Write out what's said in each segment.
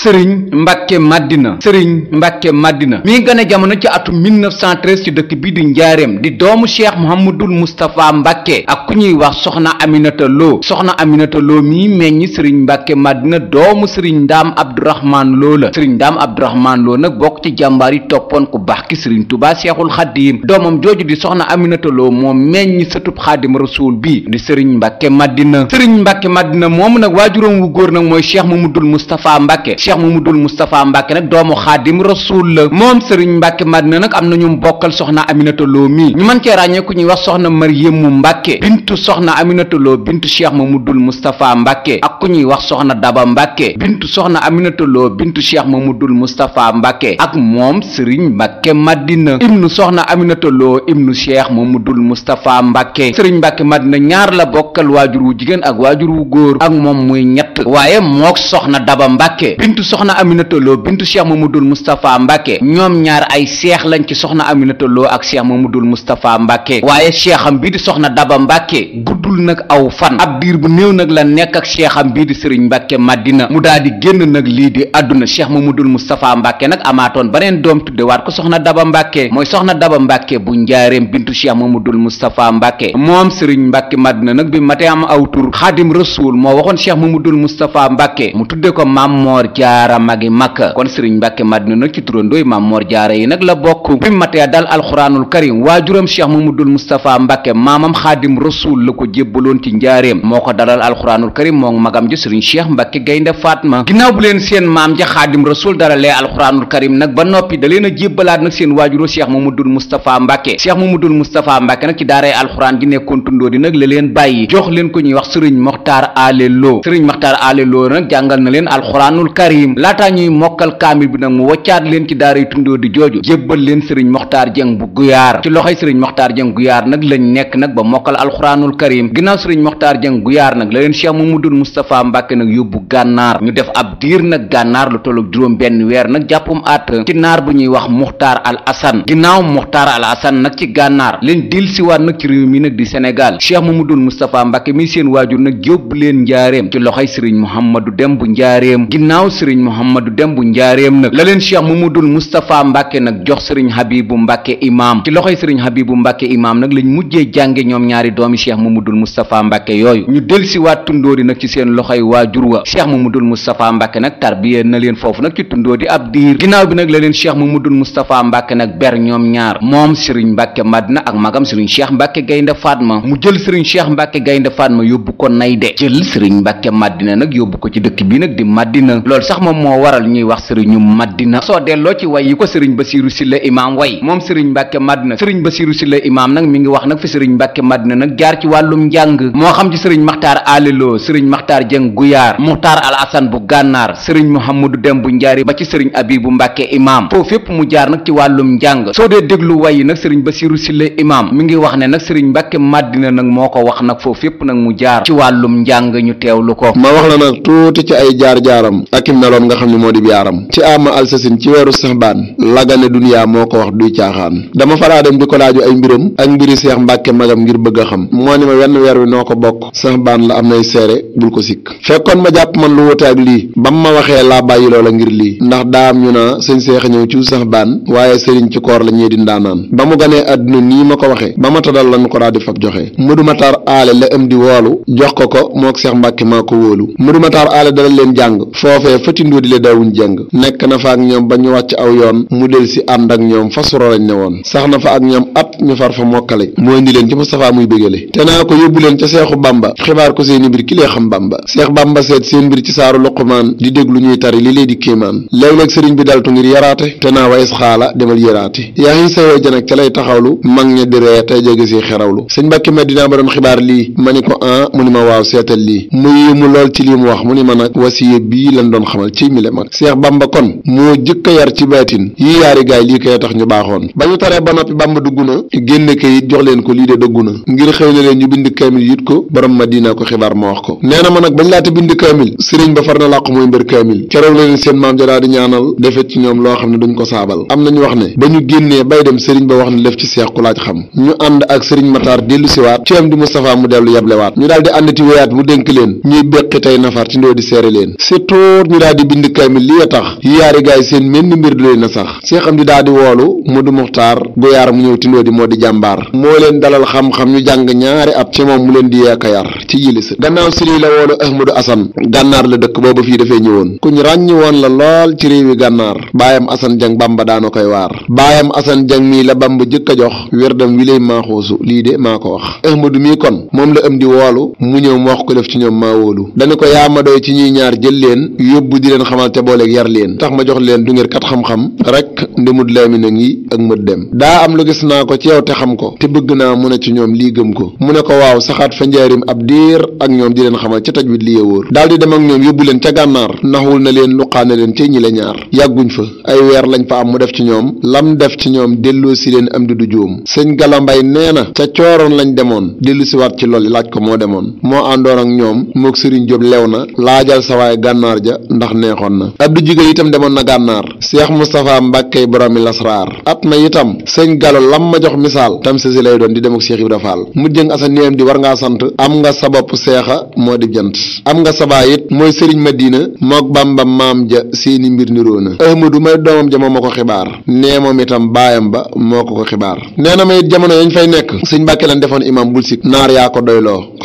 sëriñ mbàkke màddina sëriñ mbàkke màddina mi ngi gane jamono ci atum 1913 ci dëkk bii di njaareem di doomu cheikh mouhamadul moustapha mbàkke ak ku ñuy wax soxna aminata loo soxna aminata loo mii meññi sëriñ mbàkke màddina doomu sëriñ ndaam abdourahman loo la sëriñ ndaam abdourahman loo nag bokk ci jàmbaar yi toppoon ku baax ki sëriñ tubaa seexul xaddiim doomam jooju di soxna aminata loo moom meññi sëtub xaadim rasuul bi di sëriñ mbàkke màddina sëriñ mbàkke màddina moomu nag waajuróom wu góor nag mooy cheikh mouhamadul moustapha mbàkke cheikh mamadul moustapha mbàkke nag doomu xaadim rasul la moom sëriñ mbàkke madina nag am na ñu bokkal soxna aminata loo mii ñu mën cee ràññee ku ñuy wax soxna mariyamu mbàkke bintu soxna aminata loo bintu cheikh mamadul moustapha mbàkke ak ku ñuy wax soxna daba mbàkke bintu soxna aminata loo bintu cheikh mamadul moustapha mbàkke ak moom sëriñ mbàkke madina ibnu soxna aminata loo ibnu cheikh mamadul moustapha mbàkke sëriñ mbàkke madina ñaar la bokkal waajur wu jigéen ak waajur wu góor ak moom muy ñett ñett waaye mook soxna daba mbàkke bintu soxna aminata loo bintu cheikh mamadul moustapha mbàkke ñoom ñaar ay seex lañ ci soxna aminata loo ak cheikh mamadul moustapha mbàkke waaye seexam bii di soxna daba mbàkke guddul nag aw fan ab diir bu néew nag la nekk ak seexam bii di sëriñ mbàkke madina mu daal di génn nag lii di àdduna cheikh mamadul moustapha mbàkke nag amaatoon baneen doom tuddewaat ko soxna daba mbàkke mooy soxna daba mbàkke bu njaareem bintu cheikh mamadul moustapha mbàkke moom sëriñ mbàkke madina nag bi mate am aw tur xaadim rasul moo waxoon cheikh mamadul Moustapha Mbacke mu tudde ko Mame Mor Diarra magi Makka kon Serigne Mbacke Madina nag ci turandooy Mame Mor Diarra yi nag la bokk bi matee dal alxuraanul karim waajuram Cheikh Mamadul Moustapha Mbacke maamam Xaadim Rasul la ko jébbaloon ci njaareem moo ko dalal alxuraanul karim moom magam ji Serigne Cheikh Mbacke Gaynde Fatma ginnaaw bu leen seen maam ja Xaadim Rasul dalalee alxuraanul karim nag ba noppi da leen a jébbalaat nag seen waajuro Cheikh Mamadul Moustapha Mbacke Cheikh Mamadul Moustapha Mbacke nag ci daaray alxuraan gi nekkoon tundoo di nag la leen bàyyi jox leen ko ñuy wax Serigne Mokhtar Ale Lo Serigne Mokhtar ale lo nak jangal na len alquranul karim lata ñuy mokal kamil bi nak mu waccat len ci daara yu di jojo jebal len sering mokhtar jeng bu guyar ci loxay serigne mokhtar jeng guyar nag lañ nek nak ba mokal alquranul karim ginnaaw sering mokhtar jeng guyar nag la len cheikh mamadul mustapha mbàkke nak yobbu ganar ñu def ab dir nag ganar lu tolok juroom ben wer nag jappum at ci nar bu ñuy wax mokhtar al asan ginaaw mokhtar al asan nak ci ganar len dil wat nak ci réew mi nak di Senegal. cheikh mamadul mustapha Mbak mi seen wajur nag jobb len ndiarem ci loxay serigne mohammedou dembu ndiarem ginnaw serigne mohammedou dembu ndiarem nag la len cheikh mamadou mustapha mbake nag jox serigne habibu mbake imam ci loxoy serigne habibou mbake imam nag lañ mujjé jangé ñom ñaari doomi cheikh mamadou mustapha mbake yooyu ñu ci wat tundori nak ci seen loxoy waajur wa cheikh mamadou mustapha mbake nag tarbiyé na len fofu nag ci tundóori abdir ginnaw bi nak la len cheikh mamadou mustapha mbake nag ber ñom ñaar mom serigne mbake madna ak magam serigne cheikh mbake gaynde fatma mu jël serigne cheikh mbake gaynde fatma yobbu ko nay de jël serigne mbake madna ne nak yobbu ko ci dëkk bi nak di madina lol sax mom mo waral ñuy wax sëriñu madina so delloo ci way yi ko sëriñ basiru Sile Imam way mom sëriñ mbàkke madina sëriñ basiru Sile Imam nak mi ngi wax nak fi sëriñ mbàkke madina nak jaar ci walum jang mo xam ci sëriñ maxtaar aliloo sëriñ maxtaar jëng guyaar Muhtar al asan bu Gannar sëriñ muhammadu Dembu Ndiari ba ci sëriñ abibu mbàkke Imam foofu fep mu jaar nak ci walum jang so dee déglu way yi nak sëriñ basiru Sile Imam mi ngi wax ne nak sëriñ madina nak moko wax nak foofu fep nak mu jaar ci walum jang ñu tewlu ko wax la nag tuuti ci ay jaar-jaaram ak im meloom nga xam ne moo di yaaram ci ama alsasin ci weeru saxbaan lagane duniyaa moo ko wax duy caaxaan dama faraa dem di ko laaju ay mbiram ak mbiri seex mbàkke magam ngir bëgg a xam moo ni ma wenn weer wi noo ko bokk baan la am nay seere bul ko sikk fekkoon ma jàpp man lu wute ak ba bam ma waxee laa bàyyi loola ngir lii ndax daam ñu naa sëñ seex ñëw ci baan waaye sëriñ ci koor la ñee di ndaanaan ba mu ganee àdduna nii ma ko waxe ba ma tadal lan ko daal di joxe mu duma tar aale la am di woolu jox ko ko mook seex mbàkke maa ko wóolu bi Modou Matar Alla dalal leen jàng foofee fati ndóodi le daawuñ nekk na fa ak ñoom ba ñu wàcc aw yoon mu del si ànd ak ñoom fa soro lañ ne woon sax na fa ak ñoom at ñu far fa mokkale moo indi leen ci Moustapha muy bégale te naa ko yóbbu leen ca Seexu Bamba xibaar ko seeni mbir ki lee xam Bamba Seex Bamba seet seen mbir ci saaru Luqmaan di déglu ñuy tari li lay di kéemaan léeg-léeg sëriñ bi daltu ngir yaraate te naa wayees xaala demal yaraate yaa ngi sawee janak ca lay taxawlu mag ña di ree tey jege si ba doon ma ni ko ah ma waaw seetal lii ci lii mu wax mu ni ma nag wasiye bii lañ doon xamal ci mi le mag Seex Bamba kon moo jëkk a yar ci baatin yii yaari gaay lii koy tax ñu baaxoon ba ñu taree ba noppi Bamba dugg na génne kayit jox leen ko lii de dëggu na ngir xëy na leen ñu bind kaamil yit ko borom Madina ko xibaar ma wax ko nee na ma nag bañ laata bind kaamil sëriñ ba far na làqu mooy mbir kaamil keroog la leen seen maam jadaa di ñaanal defet ci ñoom loo xam ne duñ ko saabal am nañu wax ne ba ñu génnee bay dem sëriñ wax ne def ci seex ku laaj xam ñu ànd ak sëriñ Matar dellu siwaat ci am di Moustapha mu dellu yablewaat ñu daal di ànd ci wéyaat mu dénk leen ñuy béqite tey nafar ci ndoo di seere leen surtout ñu daal di bind kaamil li a tax yi yaari gaay seen menn mbir du leen a sax Cheikh Amdi daa di woolu Modou Mokhtar bu yaar mu ñëw tindoo di moo di jàmbaar moo leen dalal xam-xam ñu jàng ñaari ab ci moom mu leen di yeeka yar ci yilis gannaaw sini la woolu Ahmadou Assane gànnaar la dëkk booba fii dafay ñëwoon kuñ ràññ woon la lool ci réewi gànnaar baayam Assane Jang Bamba daana koy waar baayam asan Jang mii la Bamba jëkk a jox wérdam wi lay maaxoosu lii de maa ko wax Ahmadou mii kon moom la am di woolu mu ñëw mu ko def ci ñoom maa ko yaa ma doy ci ñuy ñaar jël leen yóbbu di leen xamal ca booleeg yar leen tax ma jox leen du ngeen kat xam-xam rek ndimut laamin a ngi ak mët dem daa am lu gis naa ko ci yow te xam ko te bëgg naa mu ne ci ñoom lii gëm ko mu ne ko waaw saxaat fa njaarim ab diir ak ñoom di leen xamal ca tajwid li yëwóor daal di dem ak ñoom yóbbu leen ca gànnaar naxul na leen luqaane leen ca ñi la ñaar yàgguñ fa ay weer lañ fa am mu def ci ñoom lam def ci ñoom delloo si leen am di du joom sëñ galambay nee na ca cooroon lañ demoon dellu siwaat ci loolu laaj ko moo demoon moo àndoon ak ñoom mook sëriñ Jóob lew na laajal sawaay gànnaar ja ndax neexoon na Abdou Jigal tam demoon na gànnaar Cheikh Moustapha Mbàkke boromi lasraar at na itam sëñ Gallo lam ma jox misaal tam si si lay doon di dem ak Cheikh Ibra Fall mujjëng asa niam di war ngaa sant am nga sa bopp seexa moo di jant am nga sabaa it mooy sëriñ Madina mook Bamba maam ja seeni mbir niroo na du may doomam ja moo ma ko xibaar nee moom itam baayam ba moo ko ko xibaar nee na ma it jamono yañ nekk sëñ Mbàkke lan defoon imam bul sik naar yaa ko doyloo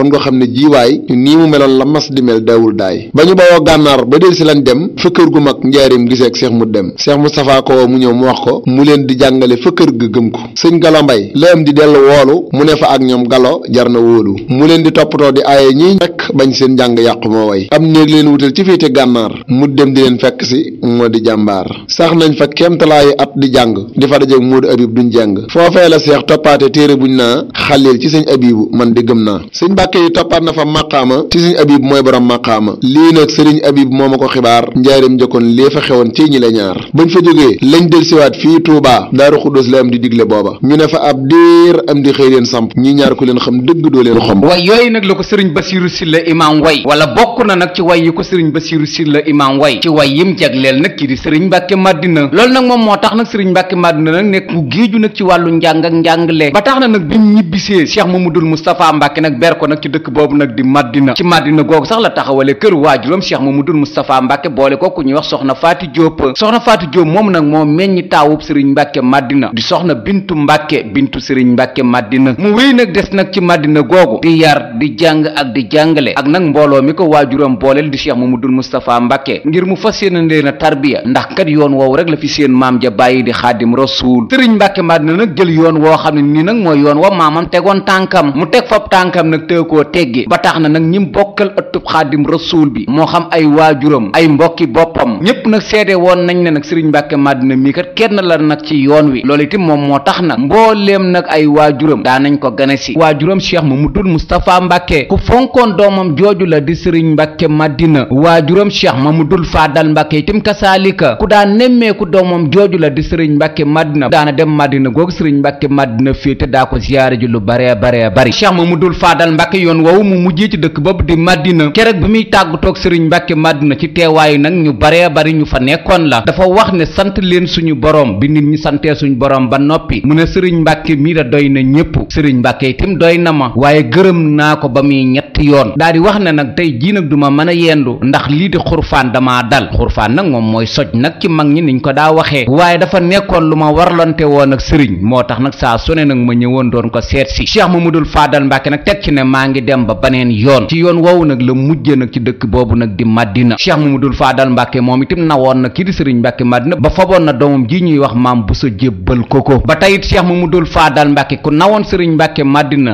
mel dawul daay ba ñu bawoo gànnaar ba del si lan dem fa kër gu mag njaarim giseeg seex mu dem seex Moustapha ko mu ñëw mu wax ko mu leen di jàngale fa kër ga gëm ko sëñ galo mbay la am di dellu woolu mu ne fa ak ñoom galo jar na wóolu mu leen di toppatoo di aaye ñi fekk bañ seen jàng yàqu moo way am néeg leen wutal ci féete gànnaar mu dem di leen fekk si moo di jàmbaar sax nañ fa kéemtalaayu at di jàng di fa daje Moodu Abib duñ jàng foofee la seex toppaate téere buñ naa xalil ci sëñ abibu man di gëm na fa borom maqaama lii nag sëriñ abib moo a ko xibaar njaarim njëkkoon lii fa xewoon ci ñi la ñaar bañ fa jógee lañ del siwaat fii Touba daaru xuddos la am di digle booba ñu ne fa ab diir am di xëy leen samp ñi ñaar ku leen xam dëgg doo leen xom way yooyu nag la ko sëriñ basiru silla imaam way wala bokk na nag ci way yi ko sëriñ basiru silla imaam way ci way yim jagleel nag kii di sëriñ mbàkke madina loolu nag moom moo tax nag sëriñ mbàkke madina nag nekk ku géeju nag ci wàllu njàng ak njàngale ba tax la taxawale kër waajuram cheikh mamadou moustapha mbàkke boole ko ku ñuy wax soxna faati jóob soxna faati jóob moom nag moo meññi taawub sëriñ mbàkke màddina di soxna bintu mbàkke bintu sëriñ mbàkke màddina mu wéy nag des nag ci màddina googu di yar di jàng ak di jàngale ak nag mbooloo mi ko waajuram booleel di seex ma cheikh mamadou moustapha mbàkke ngir mu fas yéene leen a tarbiya ndax kat yoon woowu rek la fi seen maam ja bàyyi di xaadim rasuul sëriñ mbàkke màddina nag jël yoon woo xam ne nii nag mooy yoon wa maamam tegoon tànkam xaadim rasuul bi moo xam ay waajuram ay mbokki boppam ñépp nag seede woon nañ ne nag sëriñ mbàkke madina mii kat kenn la nag ci yoon wi loolu itam moom moo tax nag mbooleem nag ay waajuram daanañ ko gane si waajuram cheikh mamadul moustapha mbàkke ku fonkoon doomam jooju la di sëriñ mbàkke madina waajuram cheikh mamadul faadal mbàkke itam kasaalika ku daan nemmeeku doomam jooju la di sëriñ mbàkke madina daana dem madina googu sëriñ mbàkke madina féete daa lu bare bare keroog bi muy tàggatoog sëriñ mbàkke màdduna ci teewaayu nag ñu baree bari ñu fa nekkoon la dafa wax ne sant leen suñu borom bi nit ñi santee suñu borom ba noppi mu ne sëriñ mbàkke mii la doy na ñépp sëriñ mbàkke itam doy na ma waaye gërëm naa ko ba muy ñett yoon daal di wax ne nag tey jii nag duma mën a yendu ndax lii di xurfaan damaa dal xurfaan nag moom mooy soj nag ci mag ñi niñ ko daa waxee waaye dafa nekkoon lu ma warlante woon ak sëriñ moo tax nag saa su ne nag ma ñëwoon doon ko seet si Cheikh Mamadou Fadal Mbàkke nag teg ci maa ngi dem ba baneen mujjee nag ci dëkk boobu nag di Madina Cheikh Mamadou Fadal Mbacke moom itam nawoon na ba faboon na doomam ji ñuy wax maam bu sa ba tey it Cheikh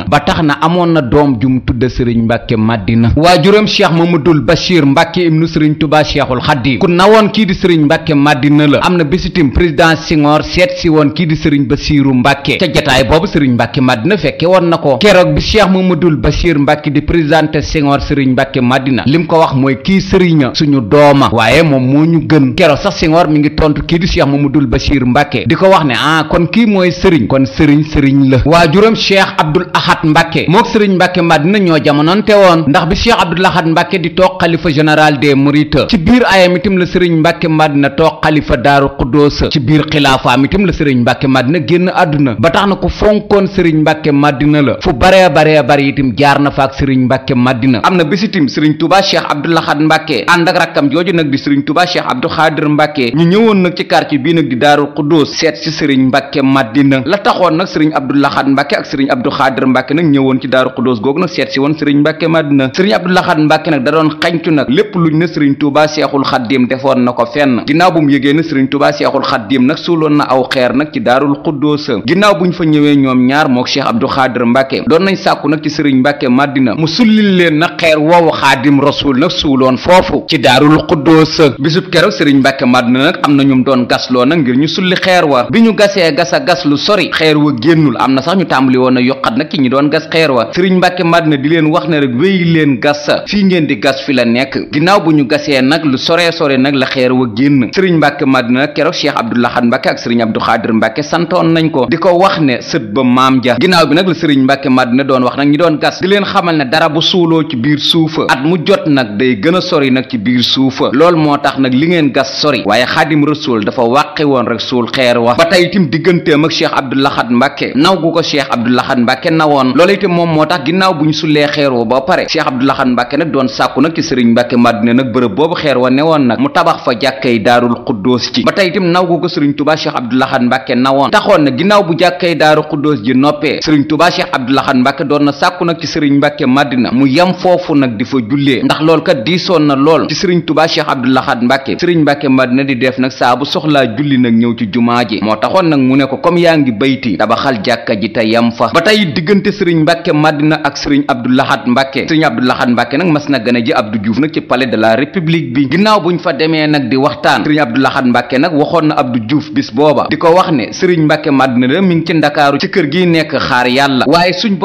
ba tax na amoon na doom jum tudde Serigne Mbacke Madina waajuram Cheikh Mamadou Bachir Mbacke ibnu Serigne Touba Cheikhul Khadim ku nawoon kii di Serigne Mbacke Madina la am na bés itam président Senghor seet si woon kii di Serigne Bassirou Mbacke ca jataay boobu Serigne Mbacke Madina fekke woon na ko keroog bi Cheikh Mamadou Bachir Mbacke di présenté li mu ko wax mooy kii sëriña suñu dooma waaye moom moo ñu gën kero sax Senghor mi ngi tontu kii di Cheikh dul Bachir Mbacke di ko wax ne ah kon kii mooy sëriñ kon sëriñ sëriñ la waa waajuram Cheikh Abdoul Ahad Mbacke mook sëriñ Mbacke Madina ñoo jamononte woon ndax bi Cheikh Abdoul Ahad Mbacke di toog xalifa général des Mourides ci biir ayam itam la sëriñ Mbacke Madina toog xalifa Daaru Xuddoos ci biir xilaafaam itam la sëriñ Mbacke Madina génn àdduna ba tax na ku fonkoon sëriñ Mbacke Madina la fu bare bare bare itam jaar na fa ak sëriñ Mbacke Madina am na bés sëriñ Touba Cheikh Abdou Lahad Mbacke ànd ak rakkam jooju nag di sëriñ Touba Cheikh Abdou Khadir Mbacke ñu ñëwoon nag ci quartier bii nag di Daaru Xuddoos seet si sëriñ Mbacke Madina la taxoon nag sëriñ Abdou Lahad Mbacke ak sëriñ Abdou Khadir Mbacke nag ñëwoon ci Daaru Xuddoos googu nag seet si woon sëriñ Mbacke Madina sëriñ Abdou Lahad Mbacke nag da doon xañtu nag lépp luñ defoon na ko fenn ginnaaw bu mu yëgee ne sëriñ Touba Cheikhul Khadim nag suuloon na aw xeer nag ci Daarul Xuddoos ginnaaw buñ fa ñëwee ñoom ñaar mook Cheikh Abdou Khadir Mbacke doon nañ sàkku nag ci sëriñ Mbacke Madina mu sullil leen na xeer woowu xaadim rasul nag suuloon foofu ci daarul xuddoos bisub keroog sëriñ mbàkke madina nag am na ñum doon gasloo nag ngir ñu sulli xeer wa bi ñu gasee gas a gas lu sori xeer wa génnul am na sax ñu tàmbali woon a yokkat nag ci ñi doon gas xeer wa sëriñ mbàkke na di leen wax ne rek wéy leen gas fii ngeen di gas fi la nekk ginnaaw bu ñu gasee nag lu soree sore nag la xeer wa génn sëriñ mbàkke madina nag keroog cheikh abdoulahat mbàkke ak sëriñ abdou xaadir mbàkke santoon nañ ko di ko wax ne sët ba maam ja ginnaaw bi nag la sëriñ mbàkke madina doon wax nag ñi doon gas di leen xamal ne ci biir suufa at mu jot nag day gën a sori nag ci biir suufa loolu moo tax nag li ngeen gas sori waaye xaadim rasul dafa wàqi woon rek suul xeer wa ba tey itam digganteem ak cheikh abdou lahad mbàkke naw gu ko cheikh abdou lahad mbàkke nawoon loolu itam moom moo tax ginnaaw bu ñu sulee xeer wa ba pare cheikh abdou lahad mbàkke nag doon sàkku nag ci sëriñ nag bërëb boobu xeer wa newoon nag mu tabax fa jàkkay daarul xuddoos ci ba tey itam naw gu ko sëriñ tubaa cheikh abdou lahad mbàkke nawoon taxoon na ginnaaw bu jàkkay daaru xuddoos ji noppee sëriñ tubaa cheikh abdou lahad mbàkke doon na sàkku nag ci sëriñ mbàkke màddina mu yam foofu nag di fa fa jullee ndax loolu kat diisoon na lool ci sëriñ tubaa cheikh abdou lahad mbàkke sëriñ mbàkke madina di def nag saa bu soxlaa julli nag ñëw ci jumaa ji moo taxoon nag mu ne ko comme yaa ngi bayti tabaxal jàkka ji te yam fa ba tey diggante sëriñ mbàkke madina ak sëriñ abdou lahad mbàkke sëriñ abdou lahad mbàkke nag mas na gane ji la république bi ginnaaw mbàkke nag waxoon na abdou diouf bis booba di ko wax ne sëriñ mbàkke madina da mi ngi ci ndakaaru ci kër gi nekk xaar yàlla waaye suñ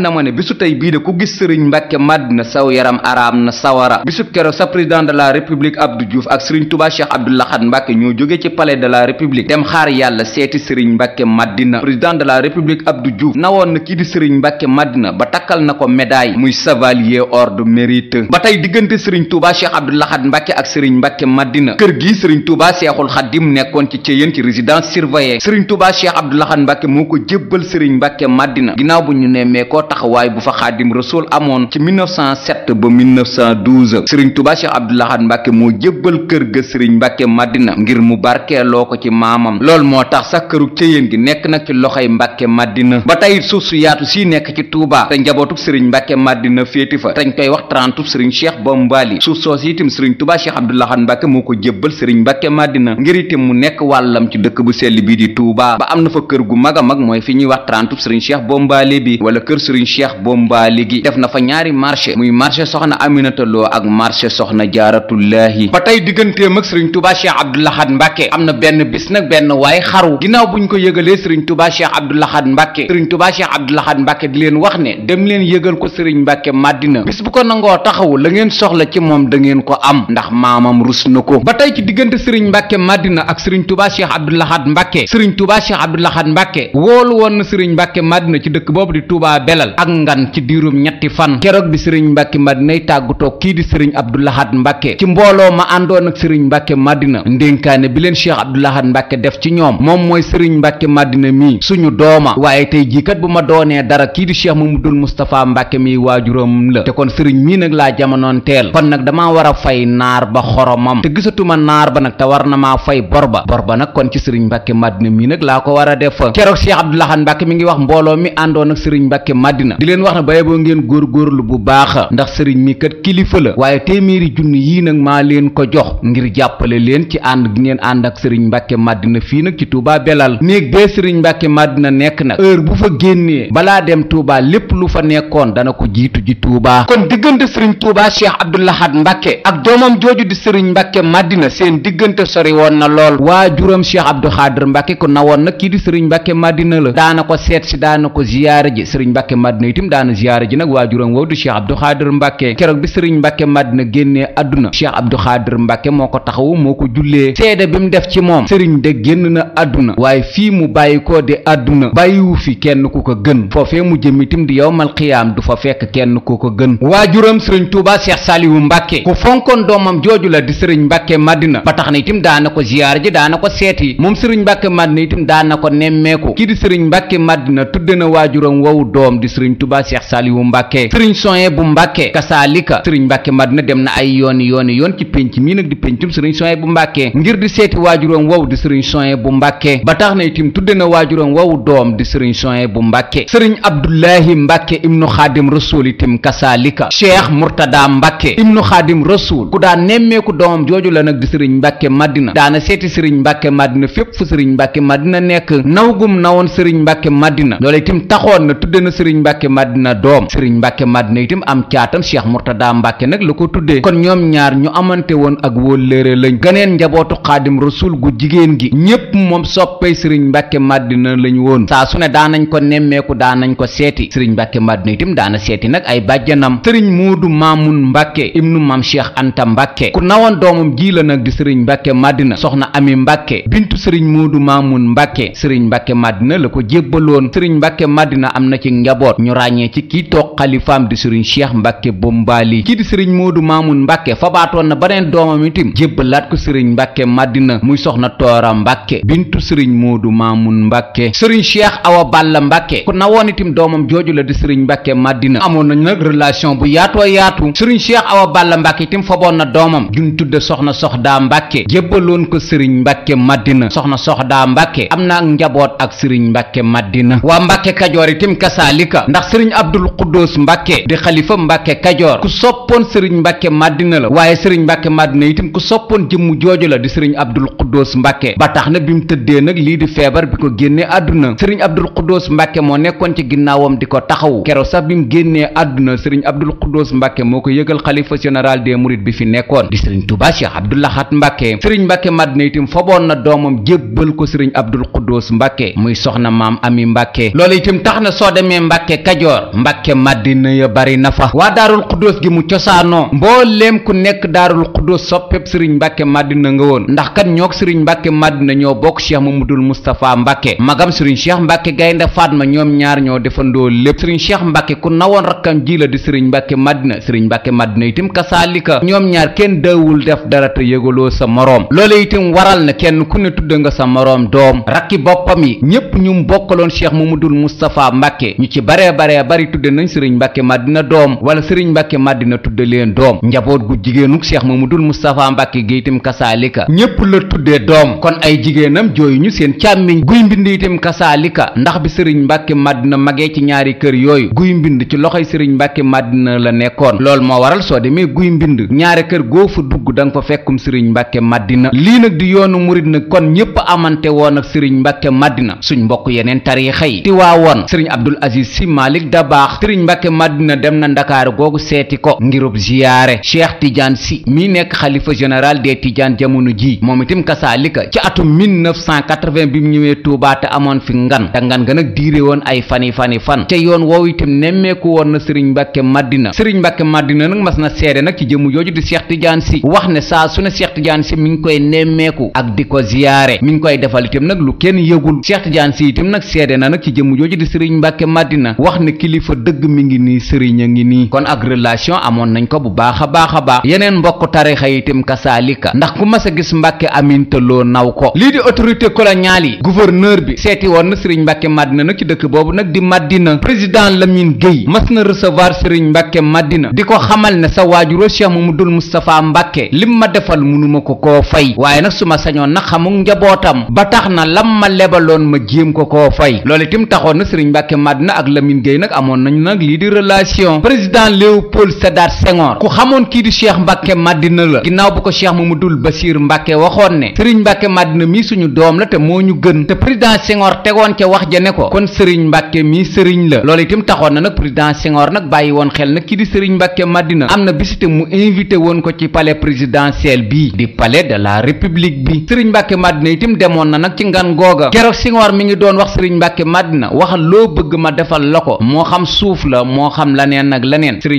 na ma ne bisu tey bii de ku gis sëriñ mbàkke madina saw yaram yaram araam na sawara bisub keroog sa président de la république Abdou Diouf ak Serigne Touba Cheikh Abdou Lahad Mbacke ñoo jóge ci palais de la république dem xaar yàlla seeti Serigne Mbacke Madina président de la république Abdou Diouf nawoon na kii di Serigne Mbacke Madina ba takkal na ko médaille muy chevalier ordre mérite ba tey diggante Serigne Touba Cheikh Abdou Lahad Mbacke ak Serigne Mbacke Madina kër gi Serigne Touba Cheikhul Khadim nekkoon ci Thiéyène ci résidence surveillée Serigne Touba Cheikh Abdou Lahad Mbacke moo ko jébbal Serigne Mbacke Madina ginnaaw bu ci 1907 ba 1912 sëriñ tuba cheikh abdoulahat mbàkke moo jébbal kër ga sëriñ mbàkke madina ngir mu barkeeloo ko ci maamam loolu moo tax sax këru cëyeen gi nekk nag ci loxoy mbàkke madina ba tey suuf su yaatu si nekk ci tuuba te njabootub sëriñ mbàkke madina féeti fa dañ koy wax trentub sëriñ cheikh bombali suuf soos itam sëriñ tuba cheikh abdoulahat mbàkke moo ko jébbal sëriñ mbàkke madina ngir itam mu nekk wàllam ci dëkk bu sell bii di tuuba ba am na fa kër gu mag a mag mooy fi ñuy wax trentub sëriñ cheikh bombali bi wala kër sëriñ cheikh soxna Aminata Lo ak marché soxna jaaratullaahi ba tey digganteem ak sëriñ Touba Cheikh Abdou Lahad am na benn bis nag benn waaye xaru ginnaaw ñu ko yëgalee sëriñ Touba Cheikh Abdou Lahad Mbacke sëriñ Touba Cheikh Abdou Lahad Mbacke di leen wax ne dem leen yëgal ko sëriñ Mbacke maddina bis bu ko nangoo taxawu la ngeen soxla ci moom da ngeen ko am ndax maamam rus na ko ba tey ci diggante sëriñ Mbacke Madina ak sëriñ Touba Cheikh Abdou Lahad Mbacke sëriñ Touba Cheikh Abdou Lahad Mbacke woolu woon na sëriñ Mbacke Madina ci dëkk boobu di Touba Belal ak ngan ci diirum ñetti daal dinay tàggutoo kii di serigne abdoulahat mbake ci mbolo ma andon ak serigne mbake madina ndénkaane bi len cheikh abdoulahat mbake def ci ñom mom moy serigne mbake madina mi suñu dooma waye tay ji kat buma doone dara ki di cheikh mamadou mustapha mbake mi wajuram la te kon serigne mi nak la jamanon tel kon nak dama wara fay nar ba xoromam te gisatuma nar ba nak ta warna ma fay borba borba nak kon ci serigne mbake madina mi nak la ko wara def kero cheikh abdoulahat mbake mi ngi wax mbolo mi andon ak serigne mbake madina di len wax na baye bo ngeen lu bu baax ndax sëriñ mi kat kilifa la waaye téeméeri junni yii nag maa leen ko jox ngir jàppale leen ci ànd gi ngeen ànd ak sëriñ mbàkke màddina fii nag ci Touba belal néeg bee sëriñ mbàkke màddina nekk nag heure bu fa génnee balaa dem Touba lépp lu fa nekkoon dana ko jiitu ji Touba kon diggante sëriñ Touba Cheikh Abdou Lahad Mbàkke ak doomam jooju di sëriñ mbàkke màddina seen diggante sori woon na lool waajuram Cheikh Abdou Khadr Mbàkke ko nawoon nag kii di sëriñ mbàkke màddina la daana ko seet si daana ko ziyaara ji sëriñ mbàkke màddina itam daana ziyaara ji nag waajuram wow di Cheikh Abdou Khadr Mbàkke Mbàkke keroog bi sëriñ Mbàkke Madina génnee àdduna Cheikh Abdou Khadir Mbàkke moo ko taxawu moo ko jullee seede bi mu def ci moom sëriñ de génn na àdduna waaye fii mu bàyyi ko di àdduna bàyyiwu fi kenn ku ko gën foofee mu jëm itam di yowmal xiyaam du fa fekk kenn ku ko gën waajuram sëriñ Touba Cheikh Saliou Mbàkke ku fonkoon doomam jooju la di sëriñ Mbàkke Madina ba tax na itam daana ko ziyaar ji daana ko seeti moom sëriñ Mbàkke Madina itam daana ko nemmeeku kii di sëriñ Mbàkke Madina na waajuram wowu doom di sëriñ Touba Cheikh Saliou Mbàkke kasaalika sëriñ mbàkke madina dem na ay yooni yooni yoon ci pénc mii nag di péncum sëriñ soye bu mbàkke ngir di seeti waajuroom wow di sëriñ soye bu mbàkke ba tax na itim tudde na waajuroom wow doom di sëriñ soye bu mbàkke sëriñ abdullahi mbàkke ibnu xaadim rasul itim kasaalika cheikh murtada mbàkke ibnu xaadim rasul ku daa nemmeeku doomam jooju la nag di sëriñ mbàkke madina daana seeti sëriñ mbàkke madina fépp fu sëriñ mbàkke madina nekk naw gum nawoon sëriñ mbàkke madina loola itim taxoon na tudde na sëriñ mbàkke madina doom sëriñ mbàkke madina itim am caatam Cheikh Mourtada Mbacke nag la ko tuddee kon ñoom ñaar ñu amante woon ak wóllëre lañ ganeen njabootu xaadim rasul gu jigéen gi ñépp moom soppey sëriñ Mbacke Madina lañ woon saa su ne daanañ ko nemmeeku daanañ ko seeti sëriñ Mbacke Madina itam daana seeti nag ay bàjjanam sëriñ Muudu Maamun Mbacke ibnu maam Cheikh Anta Mbacke ku nawoon doomam ji la nag di sëriñ Mbacke Madina soxna Ami Mbacke bintu sëriñ Muudu Maamun Mbacke sëriñ Mbacke Madina la ko jébbaloon sëriñ Mbacke na ci njaboot ñu ràññee ci kii toog xalifaam Bombali kii di sëriñ Moodu Maamun Mbàkke fabaatoon na baneen doomam itim jébbalaat ko sëriñ Mbàkke Madina muy soxna Toora Mbàkke bintu sëriñ Moodu Maamun Mbàkke sëriñ Cheikh Awa Balla Mbàkke ku nawoon itim doomam jooju la sëriñ Mbàkke Madina amoon nañ relation bu yaatoo yaatu sëriñ Cheikh Awa Balla Mbàkke itim faboon na doomam juñ tudde soxna Soxdaa Mbàkke jébbaloon ko sëriñ Mbàkke Madina soxna Soxdaa Mbàkke am na ak njaboot ak sëriñ Mbàkke Madina waa Mbàkke Kajoor itim kasaalika ndax sëriñ Abdul Quddus Mbàkke di xalifa Mbàkke kajoor ku soppoon sëriñ mbàkke màddina la waaye sëriñ mbàkke màddina itam ku soppoon jëmmu jooju la di sëriñ abdul xuddoos mbàkke ba tax na bi mu tëddee nag lii di feebar bi ko génnee àdduna sëriñ abdul xuddoos mbàkke moo nekkoon ci ginnaawam di ko taxawu kero sax bi mu génnee àdduna sëriñ abdul xuddoos mbàkke moo ko yëgal xalifa général des mourides bi fi nekkoon di sëriñ tuubaa cheikh abdou lahat mbàkke sëriñ mbàkke màddina itam foboon na doomam jébbal ko sëriñ abdul xuddoos mbàkke muy soxna maam ami mbàkke loolu itam tax na soo demee mbàkke kajoor mbàkke màddina ya daarul xuddoos gi mu cosaanoo mbooleem ku nekk daarul xuddoos soppeb sëriñ mbàkke màddina nga woon ndax kat ñook sëriñ mbàkke màddina ñoo bokk mu cheikh mamadul moustapha mbàkke magam sëriñ cheikh mbàkke gaynde faatma ñoom ñaar ñoo defandoo lépp sëriñ cheikh mbàkke ku nawoon rakkam jii la di sëriñ mbàkke màddina sëriñ mbàkke màddina itam kasaalika ñoom ñaar kenn daawul def dara te yëgaloo sa moroom loole itam waral na kenn ku ne tudd nga sa moroom doom rakki boppam yi ñépp ñu m bokkaloon cheikh mamadul moustapha mbàkke ñu ci baree baree bari tudde sëriñ mbàkke madina tudde leen doom njaboot gu jigéenug cheikh mamadul moustapha mbàkke gi itam kasaalika ñépp la tuddee doom kon ay jigéenam jooyu ñu seen càmmiñ guy mbind itam kasaalika ndax bi sëriñ mbàkke madina magee ci ñaari kër yooyu guy mbind ci loxoy sëriñ mbàkke madina la nekkoon loolu moo waral soo demee guy mbind ñaari kër goo fa dugg da nga fa fekkum sëriñ mbàkke madina lii nag di yoonu murit nag kon ñépp amante woon ak sëriñ mbàkke madina suñ mbokk yeneen tariixa yi ñëw seeti ko ngirub ziaré cheikh tidiane si mi nek khalifa général des tidiane jamono ji moom itam kasaalika ci atum 1980 bim ñewé Touba ta amone fi ngan te ngan ga nak diré won ay fani fani fan ci yoon woowu itam nemmeeku woon na serigne mbacké madina serigne mbacké madina nak mas na nak ci jëmu joju di cheikh tidiane si wax né sa su ne cheikh tidiane si mi ngi koy nemmeeku ak diko ziaré mi ngi koy defal itam nak lu kenn yegul cheikh tidiane si itam nak na nak ci jëmu joju di serigne mbacké madina wax né kilifa deug mi ngi ni serigne ngi ni kon ak relation amoon nañ ko bu baax a baax a baax yeneen mbokk tarixa itam kasaalika ndax ku mas a gis mbàkke aminta loo naw ko lii di autorité coloniale yi gouverneur bi seeti woon na sëriñ mbàkke madina nag ci dëkk boobu nag di maddina président Lamine Gueye mas na recevoir sëriñ mbàkke maddina di ko xamal ne sa waajur waajuroo cheikh mamadul moustapha mbàkke li ma defal munuma ko koo fay waaye nag suma sañoon nag xamul njabootam ba tax na lam ma lebaloon ma jéem ko koo fay loolu itam taxoon na sëriñ mbàkke madina ak Lamine Gueye nag amoon Léopold Sédar Senghor ku xamoon kii di Cheikh Mbacke Madina la ginnaaw bu ko Cheikh Mamadou Bassirou Mbacke waxoon ne Serigne Mbacke Madina mii suñu doom la te moo ñu gën te président Senghor tegoon ca wax ja ne ko kon Serigne Mbacke mii Serigne la loolu itam taxoon na nag président Senghor nag bàyyi woon xel nag kii di Serigne Mbacke Madina am na bis itam mu invité woon ko ci palais présidentiel bi di palais de la république bi Serigne Mbacke Madina itam demoon na nag ci ngan mi ngi doon wax Serigne Mbacke Madina waxal loo bëgg ma defal la ko moo xam suuf la moo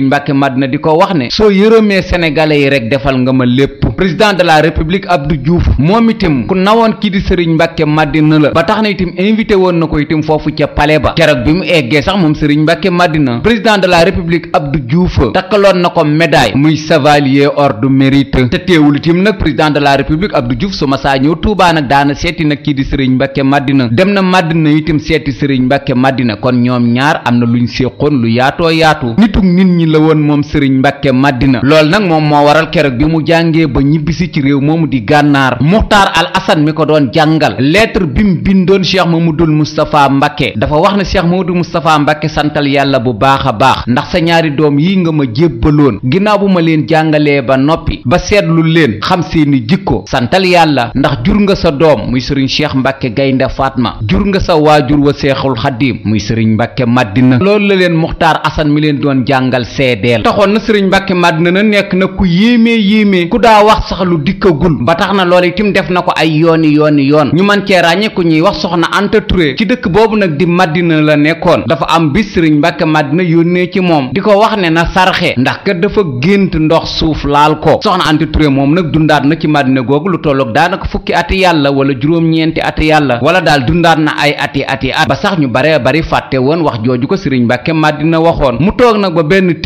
Serigne Mbacke di ko wax ne soo yërëmee sénégalais yi rek defal nga ma lépp président de la république Abdou Diouf moom itam ku nawoon kii di Serigne Mbacke Madina la ba tax na itam invité woon na ko itam foofu ca palais ba keroog bi mu eggee sax moom Serigne Mbacke Madina président de la république Abdou Diouf takkaloon na ko médaille muy chevalier ordre du mérite te teewul itam nag président de la république Abdou Diouf su ma saa ñëw Touba nag daana seeti nag kii di Serigne Mbacke Madina dem na Madina itam seeti Serigne Mbacke Madina kon ñoom ñaar am na luñ séqoon la won mom serigne mbacke madina lol nak mom mo waral kérok bi mu jangé ba ñibisi ci réew mom di gànnaar muhtar al asan mi ko doon jangal lettre bim bindon cheikh mamadul moustapha mbacke dafa wax ne cheikh mamadul moustapha mbacke santal yalla bu baakha baax ndax sa ñaari dom yi nga ma jébalon ginaaw bu ma leen jangalé ba nopi ba sétlu leen xam seeni jikko santal yalla ndax jur nga sa dom, muy serigne cheikh mbacke gaynde fatma jur nga sa wajur wa cheikhul khadim muy serigne mbacke madina lol la leen Muhtar asan mi leen doon jangal seedeel taxoon na sëriñ mbàkke madina na nekk na ku yéeme yéemee ku daa wax sax lu dikkagul ba tax na loolu itam def na ko ay yooni yooni yoon ñu man cee ràññe ku ñuy wax soxna Anta Touré ci dëkk boobu nag di màddina la nekkoon dafa am bis sëriñ mbàkke màddina yónnee ci moom di ko wax ne na sarxe ndax kat dafa gént ndox suuf laal ko soxna Anta Touré moom nag dundaat na ci màddina googu lu tolloog daanaka fukki at yàlla wala juróom-ñeenti ati yàlla wala daal dundaat na ay ati ati at ba sax ñu bare bari fàtte woon wax jooju ko sëriñ mbàkke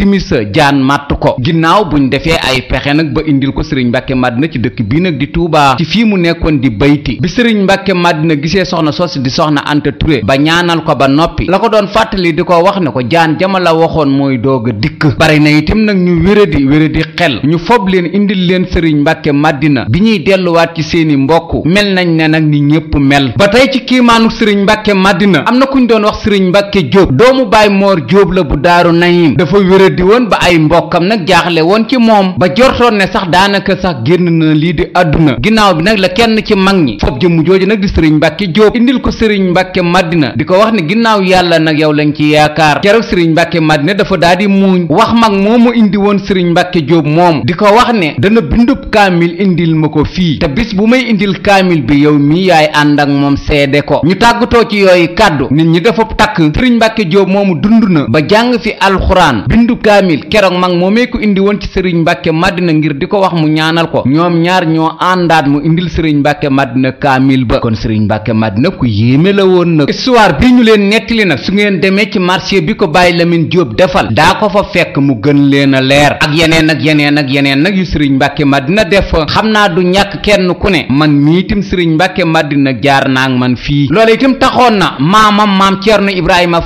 timis jaan màtt ko ginnaaw buñ defee ay pexe nag ba indil ko sëriñ mbàkke madina ci dëkk bii nag di Touba ci mu nekkoon di bayti bi sëriñ mbàkke madina gisee soxna sos di soxna Anta Touré ba ñaanal ko ba noppi la ko doon fàttali di ko wax ne ko jaan jama la waxoon mooy doog a dikk bari na itam nag ñu wéradi wéradi xel ñu foob leen indil leen sëriñ mbàkke màddina bi ñuy delluwaat ci seeni mbokk mel nañ ne nag ni ñépp mel ba tey ci kiimaanu sëriñ mbàkke màddina am na kuñ doon wax sëriñ mbàkke jóob doomu baay moor jóob la bu daaru nahim dafa wéradi di woon ba ay mbokkam nag jaaxle woon ci moom ba jotoon ne sax daanaka sax génn na lii di àdduna ginnaaw bi nag la kenn ci mag ñi fob jëmm jooju nag di sëriñ mbàkke jóob indil ko sëriñ mbàkke madina di ko wax ne ginnaaw yàlla nag yow lañ ci yaakaar keroog sëriñ mbàkke madina dafa daal di muuñ wax mag moomu indi woon sëriñ mbàkke jóob moom di ko wax ne dana bindub kaamil indil ma ko fii te bis bu may indil kaamil bi yow mii yaay ànd ak moom seede ko ñu tàggatoo ci yooyu kàddu nit ñi dafa takk sëriñ mbàkke jóob moomu dund na ba jàng fi alxuraan kaamil keroog mag moomee ko indi woon ci sëriñ mbàkke madina ngir di ko wax mu ñaanal ko ñoom ñaar ñoo àndaat mu indil sëriñ mbàkke madina kaamil ba kon sëriñ mbàkke madina ku yéeme la woon nag histoire bi ñu leen nettali nag su ngeen demee ci marché bi ko bàyyi Lamine Diop defal daa ko fa fekk mu gën leen leer ak yeneen ak yeneen ak yeneen nag yu sëriñ mbàkke madina def xam naa du ñàkk kenn ku ne man mii itam sëriñ mbàkke madina jaar naa ak man fii loolu itam taxoon na maamam maam Ceerno Ibrahima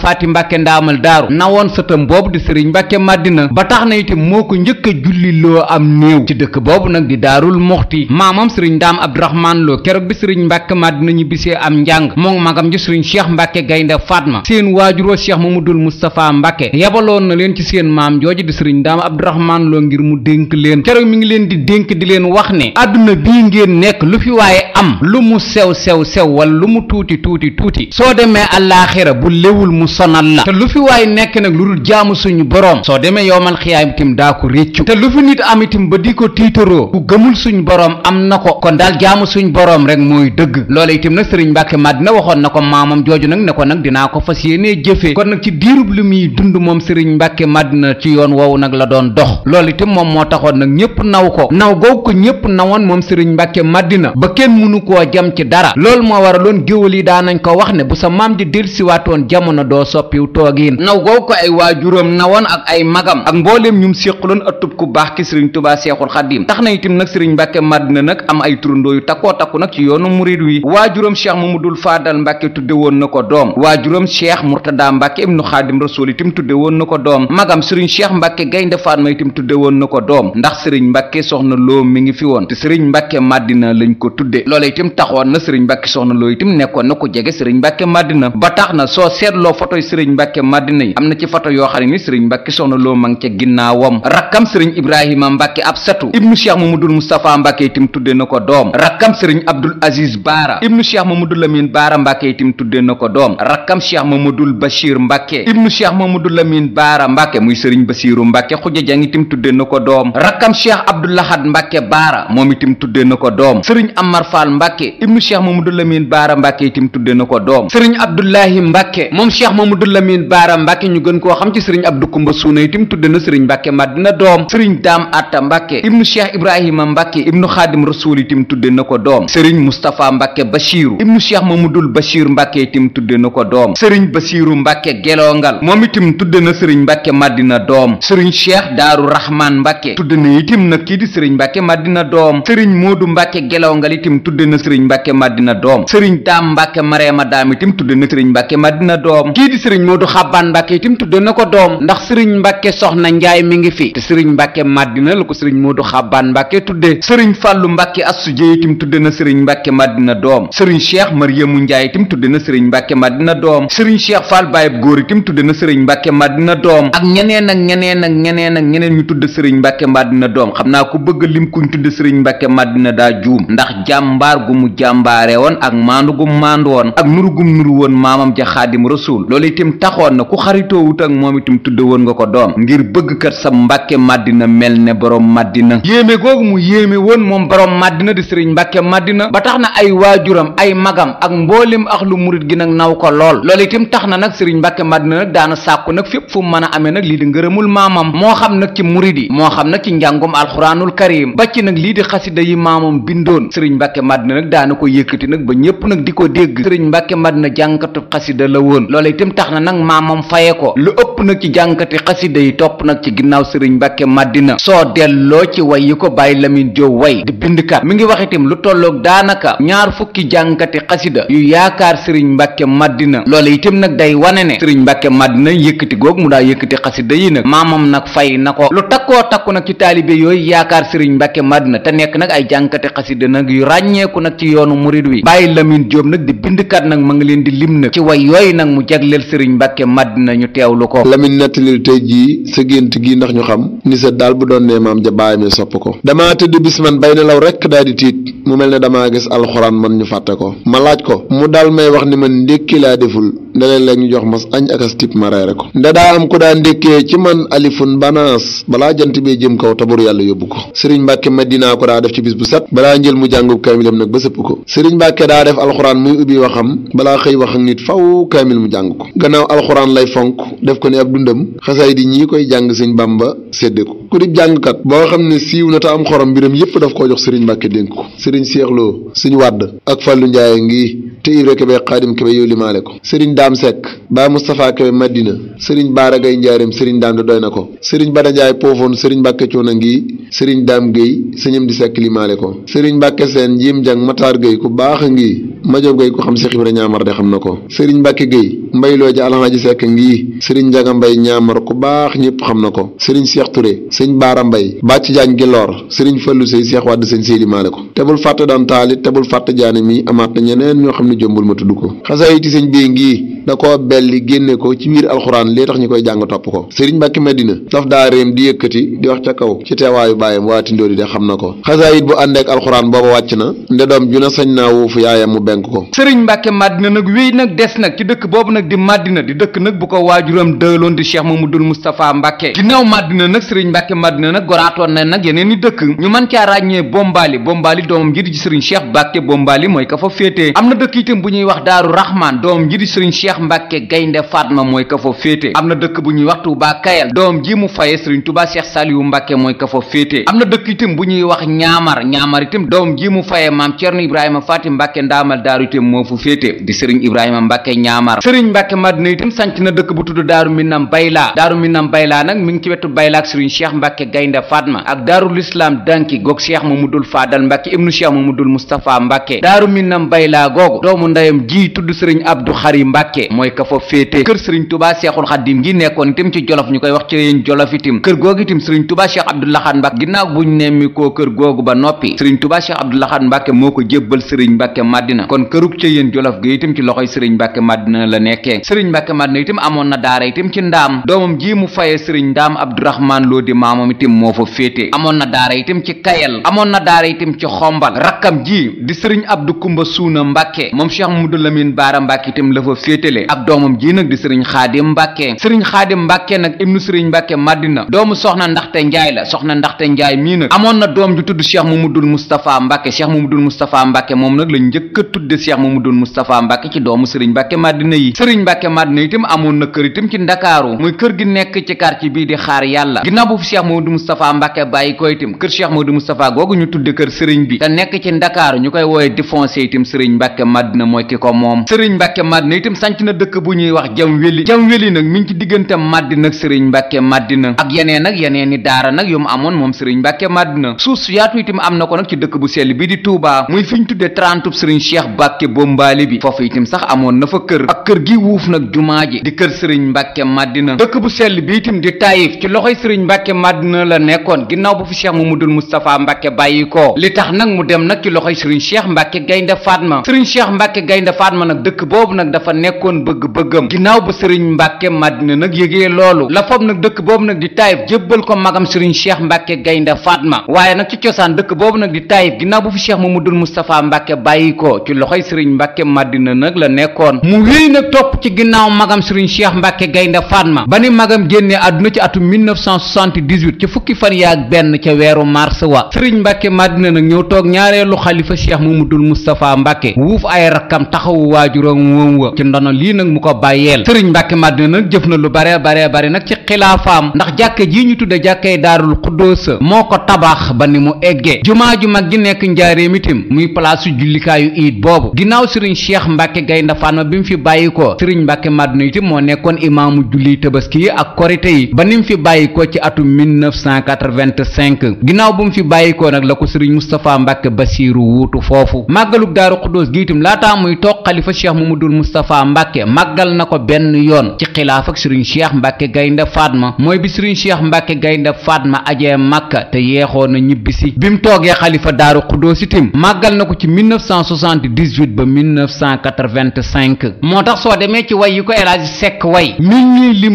Madina ba tax na itam moo ko njëkk a julli loo am néew ci dëkk boobu nag di daarul muxti maamam sëriñ daam abdourahmaan loo keroog bi sëriñ mbàkke Madina ñu bisee am njàng moom magam ji sëriñ cheikh mbàkke gaynde Fatma seen seex waajuroo cheikh mamadul moustapha mbàkke yabaloon na leen ci seen maam jooju di sëriñ daam abdourahmaan loo ngir mu dénk leen keroog mi ngi leen di dénk di leen wax ne àdduna bii ngeen nekk lu fi waaye am lu mu sew sew sew wala lu mu tuuti tuuti tuuti soo demee boo demee yowmal xiyaam itam daa ko réccu te lu fi nit am itam ba di ko tiitaroo bu gëmul suñ boroom am na ko kon daal jaamu suñ boroom rek mooy dëgg loola itam nag sëriñ Mbàkke Madina waxoon na ko maamam jooju nag ne ko nag dinaa ko fas yéenee jëfee kon nag ci diirub li muy dund moom sëriñ Mbàkke Madina ci yoon woowu nag la doon dox loolu itam moom moo taxoon nag ñëpp naw ko naw googu ko ñëpp nawoon moom sëriñ Mbàkke Madina ba kenn mënu koo jam ci dara lool moo waraloon géwël yi daanañ ko wax ne bu sa maam di dellusiwaatoon jamono doo soppiw toogiin naw googu ko ay waajuram nawoon ak ay ay magam ak mbooleem ñum séqaloon ëttub ku baax ki sëriñ tubaa seexul xaddim tax na itam nag sëriñ mbàkke madina nag am ay turandoo yu takkoo takku nag ci yoonu murid wi waajuram cheikh mamadul faadal mbàkke tudde woon na ko doom waajuram cheikh murtada mbàkke ibnu xaadim rasul itam tudde woon na ko doom magam sëriñ cheikh mbàkke gaynde faatma itam tudde woon na ko doom ndax sëriñ mbàkke soxna loo mi ngi fi woon te sëriñ mbàkke madina lañ ko tudde loola itam taxoon na sëriñ mbàkke soxna loo itam nekkoon na ko jege sëriñ mbàkke madina ba tax na soo seetloo fotoy sëriñ mbàkke madina yi am na soxna loo mang ca ginnaawam rakkam sëriñ ibrahima mbàkke ab satu ibnu cheikh mamadul moustapha mbàkke itam tudde na ko doom rakkam sëriñ abdul aziz baara ibnu cheikh mamadul lamin baara mbàkke itam tudde na ko doom rakkam cheikh mamadul bachir mbàkke ibnu cheikh mamadul lamin baara mbàkke muy sëriñ basiiru mbàkke xuja jang itam tudde na ko doom rakkam cheikh abdoulahad mbàkke baara moom itam tudde na ko doom sëriñ amar faal mbàkke ibnu cheikh mamadul lamin baara mbàkke itam tudde na ko doom sëriñ abdoulahi mbàkke moom cheikh mamadul lamin baara mbàkke ñu gën koo xam ci sëriñ abdu kumba suuna journée itam tudde na sëriñ mbàkke madina doom sëriñ daam atta mbàkke ibnu cheikh ibrahima mbàkke ibnu xaadim rasul itam tudde na ko doom sëriñ moustapha mbàkke bachiru ibnu cheikh mamadul bachir mbàkke na ko doom sëriñ bachiru mbàkke gelongal moom itam tudde na sëriñ mbàkke madina doom sëriñ cheikh daaru rahman mbàkke tudde na itam nag kii di sëriñ mbàkke madina doom sëriñ moodu mbàkke gelongal itam tudde na sëriñ mbàkke madina doom sëriñ daam mbàkke mareema daam itam tudde na sëriñ mbàkke madina doom kii di sëriñ moodu xabbaan mbàkke itam tudde na ko doom ndax sëriñ mbacke soxna njaay mi ngi fi te serigne mbacke madina lu ko serigne modou khaban mbacke tudde serigne fallu mbacke assu jéey itam tudde na serigne mbacke madina doom serigne cheikh mariamu njaay tim tudde na serigne mbacke madina dom, serigne cheikh fall baye gori tim tudde na serigne mbacke madina dom, ak ñeneen ak ñeneen ak ñeneen ak ñeneen ñu tudde serigne mbacke madina doom xamna ku bëgg lim kuñ tudde serigne mbacke madina da joom ndax jambar gu mu jambaré won ak mandu gu mandu won ak nuru gu nuru won mamam ja khadim rasul lolé tim taxoon na ku xaritoo wut ak moom itam tudde woon nga ko doom ngir bëgg kat sa mbàkke màddina mel ne borom màddina yéeme googu mu yéeme woon moom borom màddina di sëriñ mbàkke màddina ba tax na ay waajuram ay magam ak mboolem ak lu murit gi nag naw ko lool loolu itam tax na nag sëriñ mbàkke màddina nag daana sàkku nag fépp fu mën a amee nag lii di ngërëmul maamam moo xam nag ci murit yi moo xam nag ci njàngum alxuraanul karim ba ci nag lii di xasida yi maamam bindoon sëriñ mbàkke màddina nag daana ko yëkkati nag ba ñëpp nag di ko dégg sëriñ mbàkke màddina jànkatu xasida la woon loolu itam tax na nag maamam faye ko lu ëpp day topp nag ci ginnaaw sëriñ mbàkke màddina soo delloo ci way yi ko bàyyi lamin jóob way di bindkat mi ngi wax itam lu tolloog daanaka ñaar fukki jàngkati xasida yu yaakaar sëriñ mbàkke màddina loolu itam nag day wane ne sëriñ mbàkke màddina yëkkati goog mu daa yëkkati xasida yi nag maamam nag fay na ko lu takkoo takku nag ci taalibe yooyu yaakaar sëriñ mbàkke màddina te nekk nag ay jàngkati xasida nag yu ràññeeku nag ci yoonu murid wi bàyyi lamin jóob nag di bindkat nag ma ngi leen di lim nag ci way yooyu nag mu jagleel sëriñ mbàkke màddina ñu teewlu ko lamin nettalil tey ji gii sa gént gii ndax ñu xam ni sa daal bu doon nee maam ja bàyyi mi sopp ko damaa tëdd bis man bay nelaw rekk daal tiit mu mel ne damaa gis alxuraan man ñu fàtte ko ma laaj ko mu daal may wax ni man ndékki laa deful ndeleen la ñu jox mas añ ak as ma reere ko nda daa am ko daa ndékkee ci man alifun banaas balaa jant bee jëm kaw tabur yàlla yóbbu ko sëriñ mbàkke dinaa ko daa def ci bis bu set balaa njël mu jàngub kaamilam nag ba sëpp ko sëriñ mbàkke daa def alxuraan muy ubbi waxam balaa xëy wax ak nit faw kaamil mu jàng ko gannaaw alxuraan lay fonk def ko ñi koy jàng sëñ Bamba séddee ko ku di jàngkat boo xam ne siiw na ta am xorom mbiram yépp daf koo jox sëriñ Mbàkke dénk ko sëriñ Seexloo sëñ Wàdd ak Fàllu Njaaye ngi te Ibra Kebe Xaadim Kebe yow limaale ko sëriñ Daam Seck baa Moustapha Kebe Madina sëriñ Baara Gay Njaareem sëriñ Daam da doy na ko sëriñ Bada Njaay Poofoon sëriñ Mbàkke Coona ngi sëriñ Daam Géy sëñam di Seck limaale ko sëriñ Mbàkke Seen Njiim Jang Mataar Géy ku baax a ngi Majob Géy ku xam Seex Ibra Ñaamar de xam na ko sëriñ Mbàkke Géy Mbayloo ja Alxaaji Seck ngi sëriñ Njaga Mbay Ñaamar ku baax ñëpp xam na ko sëriñ Cheikh Touré sëñ Baara Mbay Bàcc Jaañ Giloor sëriñ Fallu Sey Cheikh Wade sëñ Seydi Maale ko te bul fàtte daan taalit te bul fàtte jaane mi amaat na ñeneen ñoo xam ne jëmbul ma tudd ko xasaay ti sëñ bi ngi da ko belli génne ko ci biir alxuraan lii tax ñu koy jàng topp ko sëriñ Mbàkke Madina daf daa réem di yëkkati di wax ca kaw ci teewaayu bàyyam waa tindoori de xam na ko xasaayit bu àndeek alxuraan booba wàcc na nde doom Moustapha Mbacke ginnaaw Madina nag Serigne Mbacke Madina nag goraatoon na nag yeneen i dëkk ñu mën caa ràññee Bombali Bombali doomam ji di Serigne Cheikh Mbacke Bombali mooy ka fa féete am na dëkk bu ñuy wax Daaru Rahman doomam ji di Serigne Cheikh Mbacke Gaynde Fatma mooy ka fa am na dëkk bu ñuy wax Touba Kayal doomam ji mu faye Serigne Touba Cheikh Saliou Mbacke mooy ka fa féete am na dëkk itam bu ñuy wax Ñaamar Ñaamar itam doomam ji mu faye maam Thierno Ibrahima Fatim Mbacke ndaamal daaru itam moo fu féete di Serigne Ibrahima Mbacke Ñaamar Serigne Mbacke Madina itam sanc Minam Bayla nag mi ngi ci wetu Bayla ak Serigne Cheikh Mbacke Gaynde Fatma ak daarul islam danki goog Cheikh Mamadul Fadal Mbacke ibnu Cheikh Mamadul Moustapha Mbacke daaru Minam Bayla googu doomu ndayam ji tudd Serigne Abdou Khari mbakke mooy ka fa féete kër Serigne tubaa Cheikhul Khadim ngi nekkoon itam ci Jolof ñu koy wax ci yéen Jolof itam kër googu itam Serigne Touba Cheikh Abdou Lahad Mbacke ginnaaw buñ nemmi koo kër googu ba noppi Serigne Touba Cheikh Abdou Lahad moo ko jébbal Serigne Mbacke Madina kon kërug ci yéen Jolof gi itam ci loxoy Serigne Mbacke Madina la nekkee Serigne Mbacke Madina itam amoon na daara mu fayee sëriñ ndaam abdourahmaan loo di maamam itam moo fa féete amoon na daara itam ci kayal amoon na daara itam ci xombal rakkam ji di sëriñ abdu kumba suuna mbàkke moom cheikh mamadou lamine baara mbàkke itam la fa féetale ak doomam ji nag di sëriñ xaadim mbàkke sëriñ xaadim mbàkke nag ibnu sëriñ mbàkke madina doomu soxna ndaxte njaay la soxna ndaxte njaay mii nag amoon na doom ju tudd cheikh mu moustapha mbàkke cheikh mamadou moustapha mbàkke moom nag la njëkk a tudde cheikh mamadou moustapha mbàkke ci doomu sëriñ mbàkke madina yi sëriñ mbàkke madina itam amoon na kër itam ci ndakaaru muy kër gi nekk nekk ci quartier bii di xaar yàlla ginnaaw bu fi cheikh Modou Moustapha Mbacke bàyyi ko itam kër cheikh Modou Moustapha googu ñu tudde kër sëriñ bi te nekk ci ndakaaru ñu koy wooye di foncé itam sëriñ Mbacke Madina mooy ki ko moom sëriñ Mbacke Madina itam sanc na dëkk bu ñuy wax jam weli jam weli nag mi ngi ci diggante Madina ak sëriñ ak yeneen i daara nag yu mu amoon moom sëriñ Mbacke Madina suuf su yaatu itam am na ko nag ci dëkk bu sell bi di Touba muy fi ñu tudde trente sëriñ cheikh Mbacke Bombaali bi foofu itam sax amoon na fa kër ak kër gi wuuf nag jumaa ji di kër sëriñ Mbacke Madina dëkk bu sell dëkk bi itam di Taïf ci loxoy Serigne Mbacke Madina la nekkoon ginnaaw bu fi Cheikh Mamadou Moustapha Mbacke li tax nag mu dem nag ci loxoy Serigne Cheikh Mbacke Gaynde Fatma Serigne Cheikh Mbacke Gaynde Fatma nag dëkk boobu nag dafa nekkoon bëgg-bëggam ginnaaw bu Serigne Mbacke Madina nag yëgee loolu la fob nag dëkk boobu nag di Taïf jébbal ko magam Serigne Cheikh Mbacke Gaynde Fatma waaye nag ci cosaan dëkk boobu nag di Taïf ginnaaw bu fi Cheikh Mamadou Moustapha Mbacke bàyyi ko ci loxoy Serigne Mbacke Madina nag la nekkoon mu wéy nag topp ci ginnaaw magam sëriñ Cheikh Mbacke Gaynde Fatma ba ni magam génnee àdduna ci atum 1978 ci fukki fan yaak benn ca weeru mars wa sëriñ mbàkke màddina nag ñëw toog ñaareelu xalifa mu mamadul moustapha mbàkke wuuf ay rakkam taxawu waajuram moom wa ci ndono lii nag mu ko bàyyeel sëriñ mbàkke madina nag jëf na lu bare bare bare nag ci xilaafaam ndax jàkke jii ñu tudde jàkkey daarul xuddoosa moo ko tabax ba ni mu eggee jumaa ju mag ji nekk njaareem itam muy palaasu jullikaayu iid boobu ginnaaw sëriñ cheikh mbàkke gaynde fatma bi mu fi bàyyi ko sëriñ mbàkke madina moo nekkoon imaamu julli tabaski ak korite yi ba nim fi bàyyi ko ci atum 1985 ginnaaw bu mu fi bàyyi ko nag la ko sëriñ Moustapha Mbacke Basiiru wuutu foofu màggalug daaru xudóos gi itam laataa muy toog xalifa cheikh Mamadul Moustapha Mbacke màggal na ko benn yoon ci xilaaf ak sëriñ cheikh Mbacke Gaynde Fatma mooy bi sëriñ cheikh Mbacke Gaynde Fatma ajee Makka te yeexoo na ñibbisi bi mu toogee xalifa daaru xudóos itam màggal na ko ci 1978 ba 1985 moo tax soo demee ci way yi ko El Hadj Seck way mi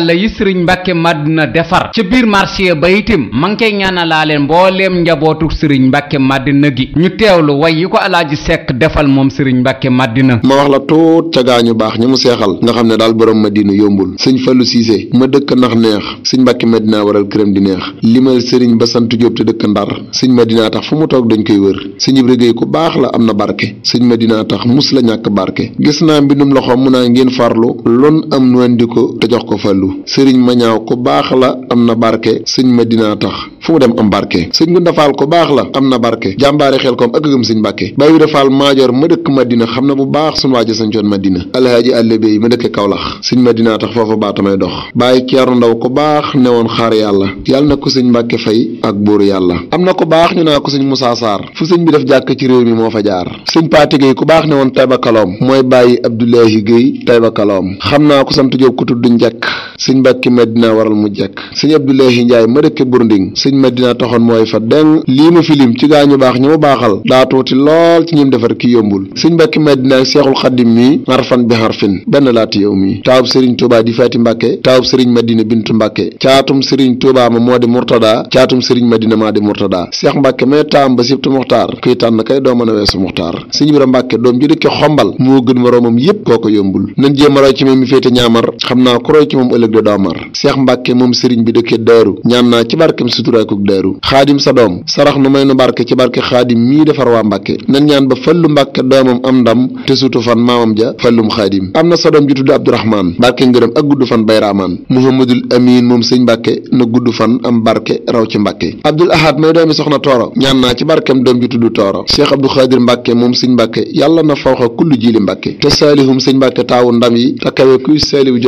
yàlla yi sëriñ mbàkke madina defar ca biir marché ba itim ma ngi koy ñaanalaale mbooleem njabootu sëriñ mbàkke madina gi ñu teew lu way yi ko alaaji sekk defal moom sëriñ mbàkke màddina ma wax la tuut ca gaañu baax ñi mu seexal nga xam ne daal borom madina yombul sëñ fallu siise ma dëkk ndax neex sëñ mbàkke madina waral këram di neex limal sëriñ ba sant jóob te dëkk ndar sëñ madina tax fu mu toog dañ koy wër sëñ ibra géey ku baax la am na barke sëñ madina tax mus la ñàkk barke gis naa mbindum mu naa ngeen farlu lon am nuwendi ko jox ko Abdou sëriñ Mañaaw ko baax la am na barke sëñ Madina tax fu mu dem am barke sëñ Gunda Faal ko baax la am na barke jàmbaare xel koom ak gëm sëñ Mbàkke Baay Ibra Faal maajoor ma dëkk Madina xam na bu baax suñu waajo sañ coon Madina alhaaji àllebéy ma dëkk Kawlax sëñ Madina tax foofa baatamay dox Baay Ceerno Ndaw ko baax ne woon xaar yàlla yàlla na ko sëñ Mbàkke fay ak buuru yàlla am na ko baax ñu naa ko sëñ Musaa Saar fu sëñ bi def jàkk ci réew mi moo fa jaar sëñ Paate Géey ku baax ne woon Tayba Kaloom mooy bàyyi Abdoulahi Géey Tayba Kaloom xam naa ko sant Jóob ku tudd sëñ Mbàkke Madina waral mu jekk sëñ Abdoulahi Njaay ma dëkke Bourding sëñ Madina taxoon mooy fa deng lii ma filim ci gaa ñu baax ñu ma baaxal daa tuuti lool ci ñim defar ki yombul sëñ Mbàkke Madina ak Seexul Xaddim mi xarfan bi xarfin benn laati yow mi taawub sëriñ Tuubaa di Faati Mbàkke taawub sëriñ Madina bintu Mbàkke caatum sëriñ Tuubaa ma moo di Murtada caatum sëriñ Madina maa di Murtada Seex Mbàkke may taam ba sibtu Muxtaar kuy tànn kay doo mën a weesu Muxtaar sëñ Ibra Mbàkke doom ji dëkke xombal moo a bi doomar seex mbàkke moom sëriñ bi dëkke daaru ñaan naa ci barkem suturaakuk daaru xaadim sa doom sarax nu may nu barke ci barke xaadim mii defar waa mbàkke nan ñaan ba fallu mbàkke doomam am ndam te sutu fan maamam ja fallum xaadim am na sa doom ju tudd abdourahmaan barke ngërëm ak gudd fan bayraamaan muhammadul amin moom sëñ mbàkke na gudd fan am barke raw ci mbàkke abdul ahad may doomi soxna tooro ñaan naa ci barkem doom ju tudd tooro seex abdu xaadir mbàkke moom na fawxa kullu jiili mbàkke te saalihum sëñ mbàkke taawu ndam yi te kawe kuy saaliwu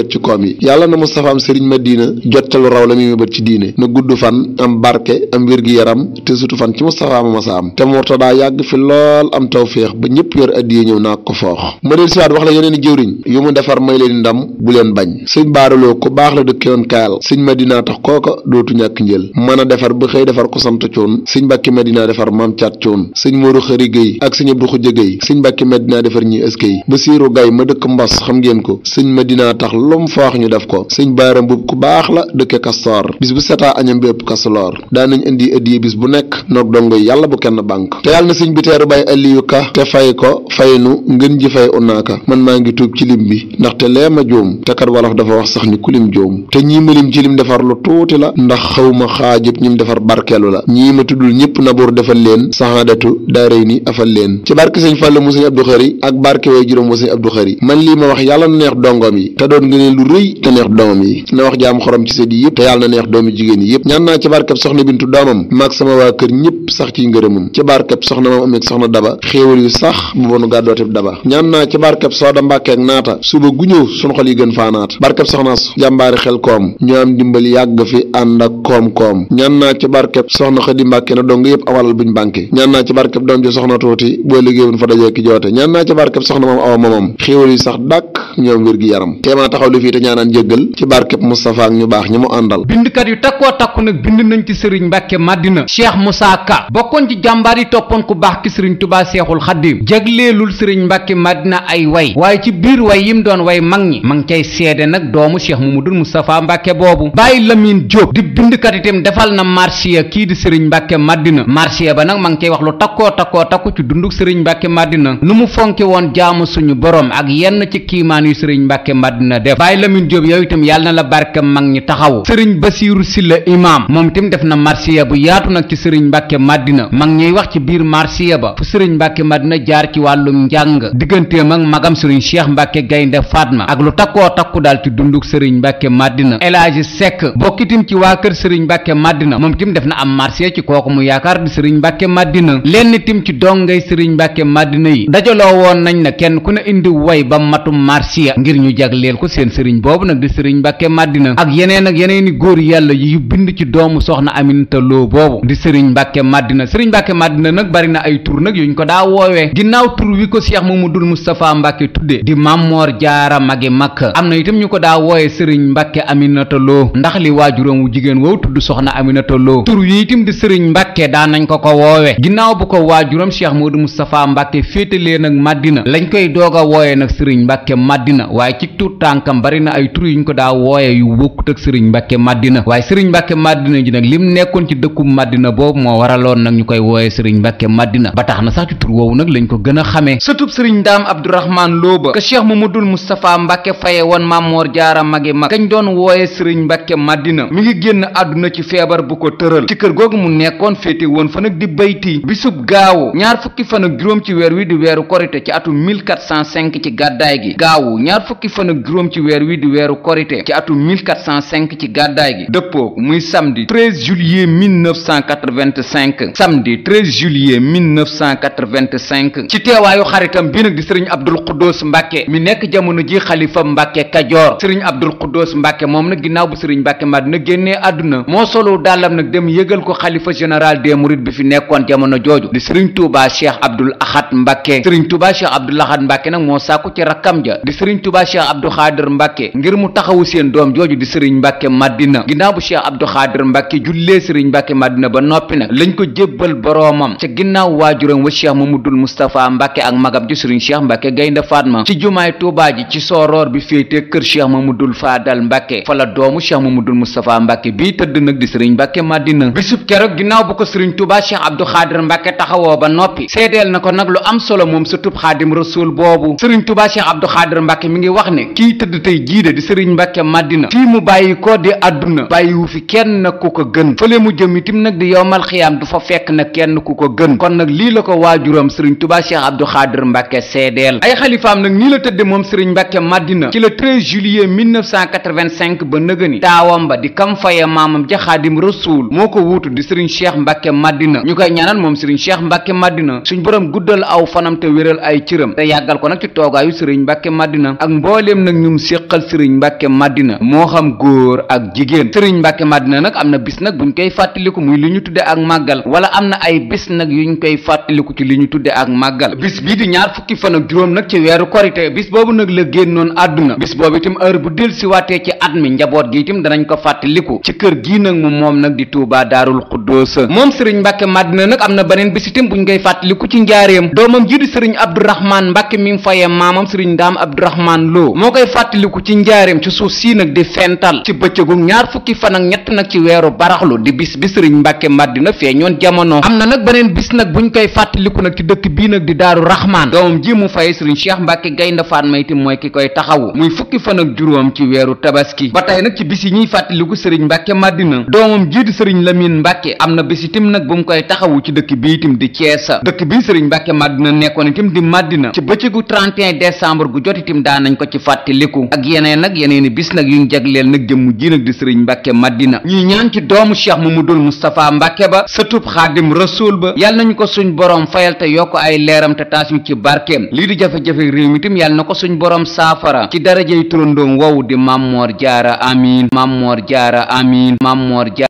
Moustapha am Serigne Madina jot ca raw la muy mébét ci diine na gudd fan am barke am wér-gi-yaram te sutu fan ci Moustapha ma masa am te Mourtada yàgg fi lool am tawféex ba ñëpp yor addiye ñëw naa ko foox ma del wax la yeneen i jëwriñ yu mu defar may leen ndam bu leen bañ sëñ baaraloo ku baax la dëkkewoon kaayal sëñ Madina tax kooka dootu ñàkk njël mën a defar ba xëy defar ko sant coon sëñ Mbàkke Madina defar maam caat coon sëñ Moodu Xëri Géy ak sëñ Abdu Xuja Géy sëñ Mbàkke Madina defar ñi ëskay Basiiru Gay ma dëkk mbas xam ngeen ko sëñ Madina tax lum foox ñu def ko sëñ baara mbub ku baax la dëkke kastoor bi ëpp kasoloor daanañ indi addiye bis bu nekk noog te yàlla ko faynu joom te kat wolof dafa wax sax ni ku lim joom te ñii ma lim ci lim defar lu tuuti la ndax xawma xaajub ñim defar barkeelu la ñii ma tuddul ñëpp nabuur defal leen saxaadatu daaray ni afal leen ci barke sëñ fàllu mu sëñ abdu xari ak barke way juróom wa sëñ abdu xari man lii ma wax yàlla na neex dongoom yi te doon nga lu rëy te neex doomam na wax jaam xorom ci sët yi yëpp te yàlla na neex doomi jigéen yi yëpp ñaan naa ci barkeb soxna bintu doomam maag sama waa kër ñëpp sax ci ngërëmam ci barkeb soxna maam amek soxna daba xéewal yu sax bu bonu gàddootib daba ñaan naa ci barkeb sooda mbàkkeeg naata suba gu ñëw sun xol yi gën faa naata barkeb soxna su jàmbaari xel koom ñu am dimbali yàgg fi ànd ak koom-koom ñaan naa ci barkeb soxna xadi mbàkke na dong yëpp awalal buñ banke ñaan naa ci barkeb doom ji soxna tuuti boo liggéeyun fa dajee ki joote ñaan naa ci barkeb soxna moom awa moomam xéewal yu sax dàkk ñoom wér gi yaram teemaa taxaw li fi te ñaanaan jéggal ci barkeb Moustapha ak ñu baax ñi mu àndal bindkat yu takkoo takku nag bind nañ ci sëriñ Mbàkke Madina Cheikh Moussa Ka bokkoon ci jàmbaar yi toppoon ku baax ki sëriñ Tubaa Seexul Xaddim jagleelul sëriñ Mbàkke Madina ay way waaye ci biir way yim doon way mag ñi ma ngi cay seede nag doomu Cheikh Mamadou Moustapha Mbàkke boobu bàyyi Lamine Diop di bindkat itam defal na marsiya kii di sëriñ Mbàkke Madina marsiya ba nag ma ngi cay wax lu takkoo takkoo takku ci dunduk sëriñ Mbàkke Madina nu mu fonke woon jaamu suñu borom ak yenn ci kiimaan yu sëriñ itam yàlla na la barke mag ñi taxawu sëriñ basiiru silla imaam moom itam def na marsiya bu yaatu nag ci sëriñ mbàkke madina mag ñuy wax ci biir marsiya ba fu sëriñ mbàkke madina jaar ci wàllum njàng digganteem ak magam sëriñ cheikh mbàkke gaynde faatma ak lu takkoo takku daal ci dunduk sëriñ mbàkke madina elaaji sekk bokkitim ci waa kër sëriñ mbàkke madina moom tim def na am marsiya ci kooku mu yaakaar di sëriñ mbàkke madina lenn tim ci dongay sëriñ mbàkke madina yi dajaloo woon nañ na kenn ku ne indi way ba matum marsiya ngir ñu jagleel ko Sëriñ Mbàkke Madina ak yeneen ak yeneeni góor yàlla yu bind ci doomu soxna Aminta Lo boobu di Sëriñ Mbàkke màddina Sëriñ Mbàkke màddina nag bari na ay tur nag yuñ ko daa woowee ginnaaw tur wi ko Cheikh Mamadul Moustapha Mbàkke tudde di Mammoor Jaara magi Makka am na itam ñu ko daa wooyee Sëriñ Mbàkke Aminata Lo ndax li waajuram wu jigéen woow tudd soxna Aminata Lo tur yi itam di Sëriñ Mbàkke mbàkke daan nañ ko ko woowe ginnaaw bu ko waajuram cheikh moodu moustapha mbàkke féetalee nag màddina lañ koy doog a wooye nag sëriñ mbàkke màddina waaye ci tur tànkam na ay tur yuñ ko daa wooye yu bokkut ak sëriñ mbàkke màddina waaye sëriñ mbàkke màddina ji nag lim nekkoon ci dëkku màddina boobu moo waraloon nag ba tax na sax ci tur woowu nag lañ ko gën a xamee sëtub sëriñ daam abdourahman looba ka cheikh mamadul moustapha mbàkke faye woon mamoor jaara magi mag kañ doon wooye sëriñ mbàkke màddina mi ngi génn àdduna ci feebar bu ko tëral ci kër googu mu nekkoon féete woon fa nag di bayti bisub gaawu ñaar fukki fan ak juróom ci weer wi di weeru korite ci atum 1405 ci gàddaay gi gaawu ñaar fukki fan ak juróom ci weer wi di weeru korite ci atum 1405 ci gàddaay gi dëppoo muy samedi 13 juillet 1985 samedi 13 juillet 1985 ci teewaayu xaritam bi nag di sëriñ Abdul Xuddoos Mbàkke mi nekk jamono ji xalifa Mbàkke Kajoor sëriñ Abdul Xuddoos Mbàkke moom nag ginnaaw bu sëriñ Mbàkke na génnee àdduna moo solo dàllam nag dem yëgal ko xalifa général Dia murid mouride bi fi nekkoon jamono jojo di serigne touba cheikh abdul ahad mbake serigne touba cheikh abdul ahad mbake nak mo sàkku ci rakam ja di serigne touba cheikh abdou khadir mbake ngir mu taxawu sen doom jojo di serigne mbake madina ginaabu cheikh abdou xaadir mbake julle serigne mbake madina ba nopi nak lañ ko jébbal boromam ci ginaaw waajuram wa cheikh mamadou mustafa mbake ak magab ji serigne cheikh mbake gaynde fatma ci jumaay touba ji ci soror bi fete keur cheikh mamadou fadal mbake fa la doomu cheikh mamadou mustafa mbake bi teud nak di serigne mbake madina bisub keroog ginaaw bu ko sëriñ tuuba cheikh abdou xaadir mbàkke taxawoo ba noppi seedeel na ko nag lu am solo moom sa tub xaadim rasul boobu sëriñ tuuba cheikh abdou xaadir mbàkke mi ngi wax ne kii tëdd tey jiide di sëriñ mbàkke màddina fii mu bàyyi ko di àdduna wu fi kenn nag ku ko gën fële mu jëm itam nag di yowmal xiyaam du fa fekk na kenn ku ko gën kon nag lii la ko waajuram sëriñ tuuba cheikh abdou xaadir mbàkke seedeel ay xalifaam nag nii la tëdde moom sëriñ mbàkke màddina ci le 13 juillet 1985 ba nëgëni taawam ba di kam Mbàkke Madina ñu koy ñaanal moom Serigne Cheikh Mbàkke Madina suñ borom guddal aw fanam te wéral ay cëram te yàggal ko nag ci toogaayu Serigne Mbàkke Madina ak mbooleem nag ñum séqal Serigne Mbàkke Madina moo xam góor ak jigéen Serigne Mbàkke Madina nag am na bis nag bu buñ koy fàttaliku muy li ñu tudde ak màggal wala am na ay bis nag yu yuñ koy fàttaliku ci li ñu tudde ak màggal bis bii di ñaar fukki fan ak juróom nag ci weeru korite bis boobu nag la génnoon àdduna bis boobu itam heure at mi njaboot gi itam danañ ko fàttaliku ci kër gii nag mu moom nag di Touba Daarul Xuddoos moom sëriñ Mbàkke Madina nag am na beneen bis itam buñ koy fàttaliku ci njaareem doomam ji di sëriñ Abdourahman Mbàkke mi mu maamam sëriñ Ndaam Abdourahman Lo moo koy fàttaliku ci njaareem ci suuf sii nag di fental ci bëccëgu ñaar fukki fan ak ñett nag ci weeru baraxlu di bis bi sëriñ Mbàkke Madina feeñoon jamono am na nag beneen bis nag buñ koy fàttaliku nag ci dëkk bii nag di Daaru Rahman doomam ji mu fayee sëriñ Cheikh Mbàkke Gaynde Fatma itam mooy ki koy taxawu muy fukki fan ak juróom ci weeru tabas tabaski ba tey nag ci bis yi ñuy fàttaliku sëriñ mbàkke màddina doomam jii di sëriñ lamin mbàkke am na bis itam nag bu mu koy taxawu ci dëkk bi itam di ceesa dëkk bi sëriñ mbàkke màddina nekkoon itam di màddina ci bëccëgu 31 décembre gu jot itam daan nañ ko ci fàttaliku ak yeneen nag yeneen i bis nag yuñ jagleel nag jëmm ji nag di sëriñ mbàkke màddina ñuy ñaan ci doomu cheikh mamadul moustapha mbàkke ba sëtub xaadim rasul ba yàlla nañu ko suñ boroom fayal yokk ay leeram te taas ñu ci barkeem lii di jafe-jafe réew mi itam na ko suñ bo saafara ci darajey turandoom jaara amiin Mame Mor jaara